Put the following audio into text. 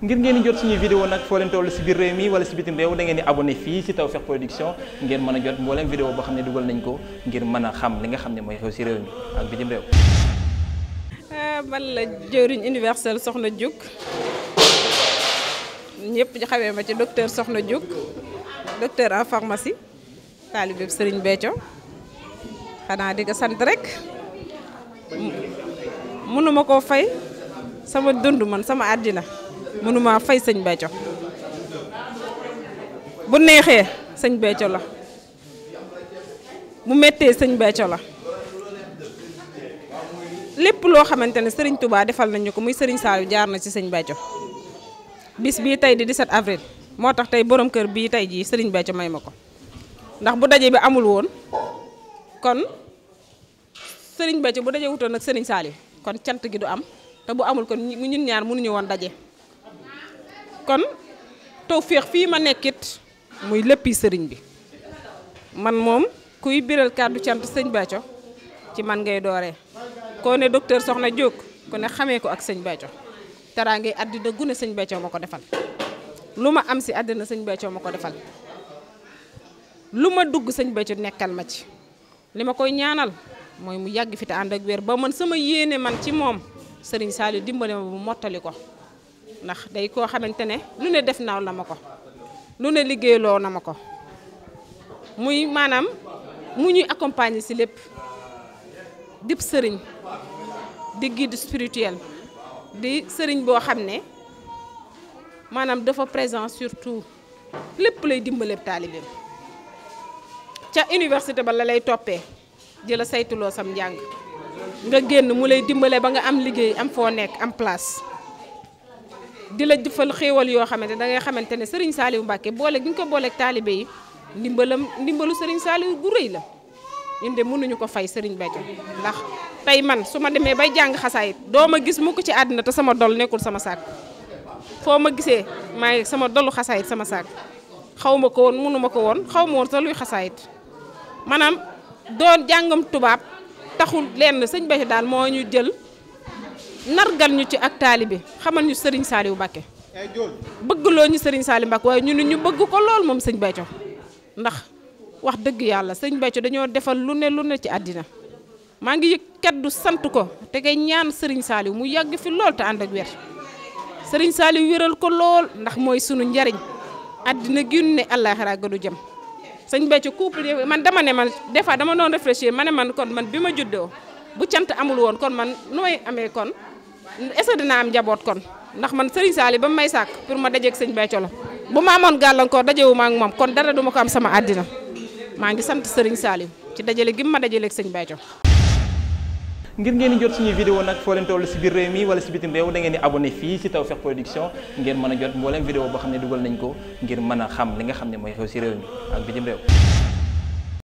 ngir ngeen di jot suñuy vidéo nag foo leen toll si biir réew mi wala si bitim réew da ngeen di abonné fii si Tawfekh Production ngeen mën a jot mbooleem vidéo boo xam ne dugal nañ ko ngir mën a xam li nga xam ne mooy xew si réew mi ak bitim réew eh, man la jëriñ universel soxna Diouk ñëpp ñu xamee ma ci docteur soxna Diouk docteur en pharmacie taalibe Sëriñ Béthio xanaa di sant rek mënuma koo fay sama dund man sama àddina mënuma fay sëñ Béthio bu neexee sëñ Béthio la bu mettee sëñ becco la lépp loo xamante ne sëriñ tubaa defal nañu ko muy sëriñ Saliou jaar na ci sëñ Béthio bis bii tey di 17 avril moo tax tey boroom kër bii tey jii sëriñ Béthio may ma ko ndax bu daje bi amul woon kon sëriñ Béthio bu daje wutoon nag sëriñ Saliou kon cant gi du am te bu amul kon ñun ñaar mënuñu woon daje. kon féex fii ma nekkit muy léppi sëriñ bi man moom kuy biral kàddu cant sëñ Bàcco ci man ngay doore koo ne docteur Soxna Diop ku ne xame ko ak sëñ Bàcco teraangay àddina gune sëñ Bàcco ma ko defal lu ma am si àddina sëñ Bàcco ma ko defal lu ma dugg sëñ Bàcco nekkal ma ci li ma koy ñaanal mooy mu yàgg fi te ànd ak wér ba man sama yéene man ci moom sëriñ Saliou dimbale ma bu mottali ko ndax day koo xamante ne lu ne def naaw la ma ko lu ne liggéeyloo na ma ko muy maanaam mu ñuy accompagner si lépp dib sëriñ di guide spirituel di sëriñ boo xam ne maanaam dafa présent surtout lépp lay dimbaleeb taalibeem ca université ba la lay toppee di la saytuloo sam njàng nga génn mu lay dimbalee ba nga am liggéey am foo nekk am place di la jëfal xéewal yoo xamante da ngay xamante ne Serigne Saliou Mbacke boole gi ñu ko booleeg taalibe yi ndimbalam ndimbalu Serigne Saliou gu rëy la ñun de mënuñu ko fay Serigne Bethio ndax tey man su ma demee bay jàng xasaayit doo ma gis ko ci àddina te sama dol nekkul sama saak foo ma gisee maa ngi sama dollu xasaayit sama saak xaw ma ko woon mënu ma ko woon xaw ma woon sax luy xasaayit maanaam doon jàngam tubaab taxul lenn sëñ Bethio daal moo ñu jël. nargal ñu ci ak taalibe xamal ñu Serigne Saliou Mbacké bëggloo ñu Serigne Saliou Mbacké waaye ñu ne ñu bëgg ko lool moom sëñ Béthio ndax wax dëgg yàlla sëñ Béthio dañoo defal lu ne lu ne ci àddina maa ngi yëg kaddu sant ko te kay ñaan sëriñ saaliw mu yàgg fi lool te ànd ak wér Serigne Saliou wéral ko lool ndax mooy sunu njariñ àddina gi ne àllaaxira ga du jëm sëñ Béthio couple man dama ne man des fois dama doon réfléchir ma ne man kon man bi ma juddoo bu cant amul woon kon man nooy amee kon est-ce que am njaboot kon ndax man Serigne Sali ba mu may sàkk pour ma dajeeg sëñ Béthio la bu ma amoon gàllankoor dajewu ma ak moom kon dara duma ko am sama àddina maa ngi sant Serigne Sali ci dajale gi ma dajaleeg sëñ Béthio. ngir ngeen di jot suñuy vidéo nag foo leen toll si biir réew mi wala si bitim réew da ngeen di abonné fii si Tawfekh Production ngeen mën a jot mbooleem vidéo boo xam ne dugal nañ ko ngir mën a xam li nga xam ne mooy xew si réew ak bitim réew.